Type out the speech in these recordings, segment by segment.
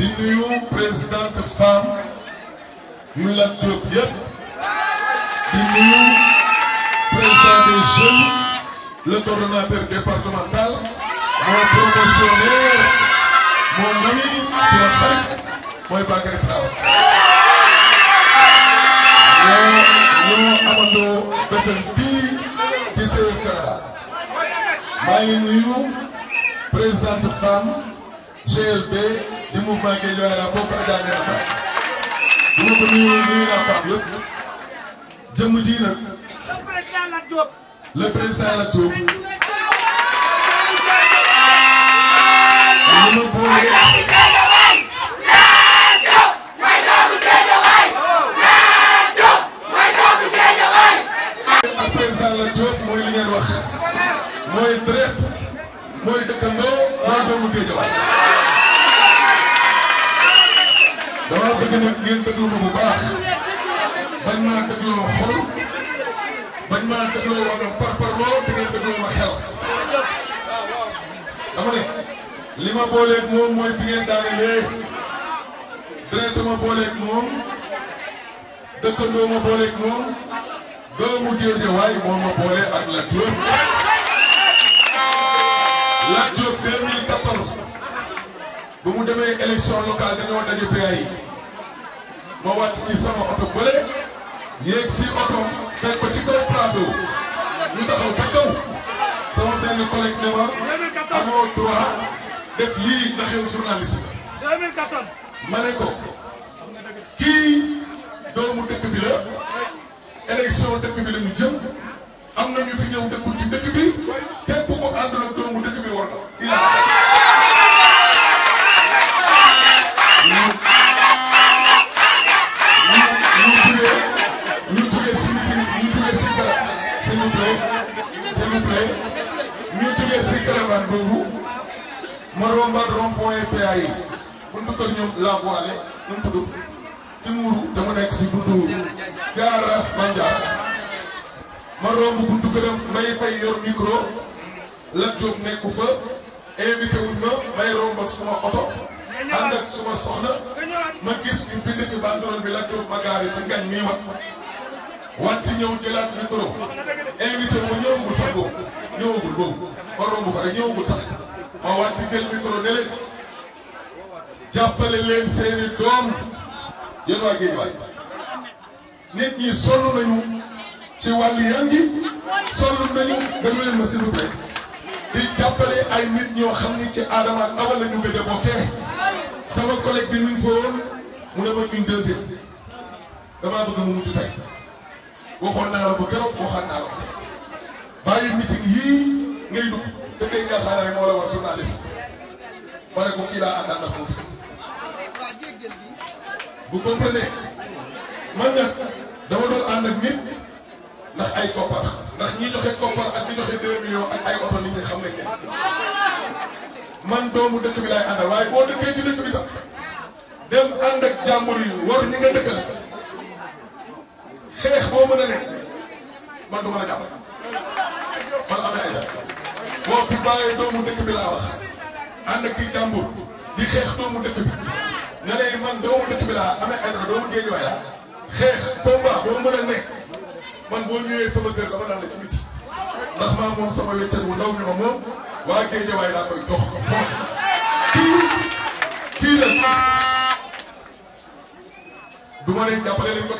di président présidente femme nous Lat Diop yëpp di président des jeunes le coordonnateur départemental mon promotionnaire mon ami moi xarit mooy Bakary Traoré ñoo ñoo amandoo defal fii ci seen Canada maa ngi nuyu présidente femme GLB mouvement Guédiawaye laa bokk Adja Ndeye Fall bu ma ko nuyoo nuyu naa Pape yëpp jëmm ji nag le président Lat Diop le président Lat Diop li ma boole bëgg ma bu baax ma xel. dama ne li ma booleeg moom mooy fi ngeen daanelee dërët ma booleeg moom dëkkandoo ma booleeg moom doomu Géejawaay ak Lat Diop. Lat Diop 2014 mu demee élection locale dañoo daje PA yi. ma wàcc ci sama oto bële yéeg si oto teg ko ci kaw plateau ñu taxaw ca kaw sama benn collègue ne ma amoo droit def lii ndax journaliste ma ne ko kii doomu dëkk bi la élection dëkk bi la ñu jëm am na ñu fi ñëw dëkk. Yambal rond-point PA yi buntu kër ñoom la voile nu mu tudd ci muuru dama nekk si buntu jaara Banjar ma romb buntu këram may fay yor micro la jóg nekku fa invité wuñ ma may romb ak suma oto ànd suma soxna ma gis ñu bind ci banderole bi la jóg ma gaari ci ngañ mii wat wàcc ñëw jëlaat micro invité wu ñëwagul sax boobu ñëwagul boobu ma romb fa rek ñëwagul sax ma wàcc jël micro ne leen jàppale leen seeni doom yéen waa Guédiawaye nit ñi sonn nañu ci wàllu yan gi sonn nañu dama leen ma s'il vous jàppale ay nit ñoo xam ni ci aadama ak awa la ñu gëj sama collègue bi mu ngi mu ne ma une deuxième damaa bëgg mu mujj tey waxoon naa la ko keroog waxaat naa la ko qui il a à la confiance. Vous comprenez man nag dama doon ànd ak nit ndax ay koppar ndax ñi joxe koppar ak ñi joxe 2 millions ak ay oto nit ñi xam nañ man doomu dëkk bi laay àndal waaye boo dëkkee ci dëkk bi tam dem ànd ak jàmbur yi war ñi nga dëkkal xeex boo mën a ne man du mën a jàpp man am na boo fi bàyyee doomu dëkk bi laa wax. ànd ak i jàmbur di xeex doomu dëkk bi a ndax maa moom sama wéccet wu ndaw mi ma moom waa géej waay laa koy jox kii kii la du ma jàppale leen ko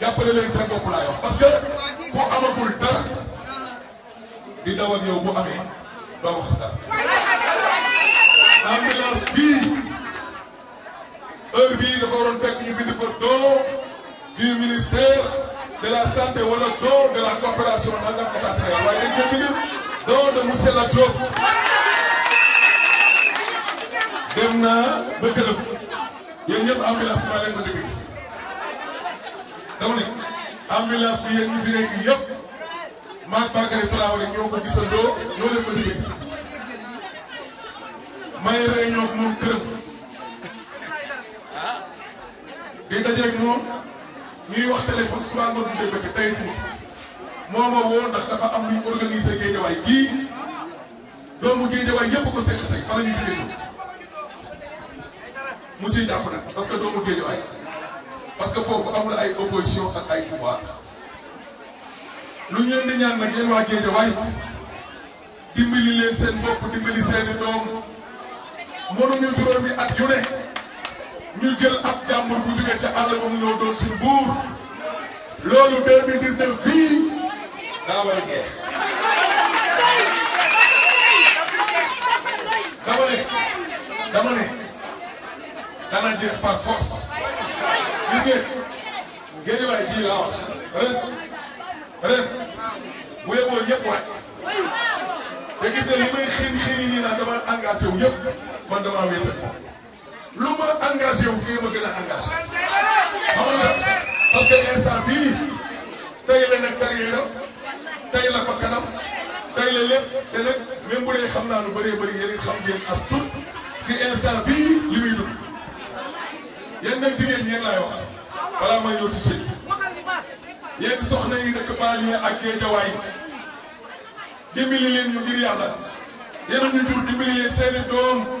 jàppale laa wax parce que ku amagul dara di dawal yow bu amee doo wax dara. dafa waroon fekk ñu bind fa doo du ministère de la santé wala doo de la coopération nangam état Sénégal waaye dañ cee bind doo de monsieur la Diop. dem naa ba Kërëb yéen ñëpp ambulance maa leen ko dëgg gis dama ne ambulance bi yéen ñi fi nekk yëpp maak Bakary Traoré ñoo ko gisandoo ñoo leen ko dëgg gis may réunion ak moom Kërëb. ñu dajeeg moom ñuy wax téléphone suba nga dundee ba tey tamit moo ma woo ndax dafa am lu ñu géejawaay gii doomu géejawaay yëpp ko seq tey fa la ñu jógee parce que doomu parce que foofu amul ay ak ay pouvoir lu ñu leen di ñaan waa géejawaay dimbali seen bopp dimbali ñu jël ab jàmbur bu jógee ca àll ba mu ñëw doon suñu buur loolu 2019 bii daa war a jeex. dama ne dama ne dana jeex par force gis ngeen géejewaay bii laa wax ren ren bu yeboo yëpp waay te gis nga li may xiin xiin yi nii naan dama engagé wu yëpp man dama wéetal lu ma engagé wu ma gën a engagé xam nga parce que instant bii tey la nag carrière tey la fa kanam la lépp te nag même bu dee xam naa lu bëree bëri yéen xam ngeen as tuut ci instant bii li muy dund yéen nag jigéen ñi laay wax balaa may ñëw ci sëñ yéen soxna yi dëkk banlieue ak Guédiawaye dimbali leen ñu ngir yàlla yéen a ñu jur dimbali leen seeni doom.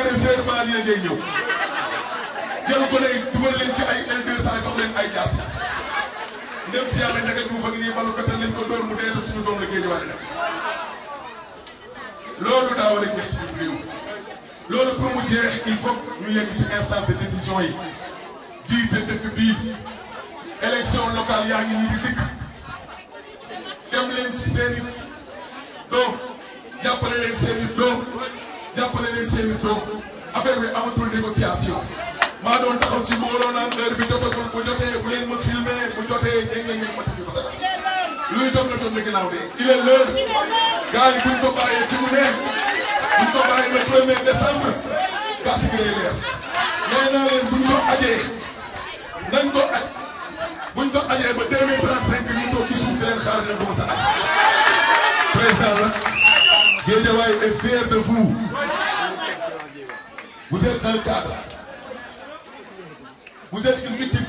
agresseur malien ngay ñëw jël ko léegi dugal leen ci ay L200 jox leen ay jaas dem si yàlla njëkk a ñu fa nii balu se lañ ko dóor mu dee suñu doom la géej wàll loolu daa war a jeex ci biir réew loolu pour mu não il faut ñu yegg ci instant de décision yi jiite dëkk bii élection locale yaa ngi nii di dikk dem leen ci seen i doom jàppale leen seen i doom jàppale leen seen i doom affaire bi amatul négociation maa doon taxaw ci mbooloo naan heure bi jotatul bu jotee bu leen ma filmé bu jotee ñeeg ñeeg ñeeg ma tëj ko dara luy jot na jot na ginnaaw de il est l'heure gars yi buñ ko bàyyee fi mu ne buñ ko bàyyee le premier décembre carte gi lay leer nee naa leen buñ ko ajee nañ ko aj buñ ko ajee ba 2035 ñu toog ci suuf di leen xaar ne ko sa aj président la Guédiawaye est fier de vous Vous êtes un cadre. Vous êtes une victime.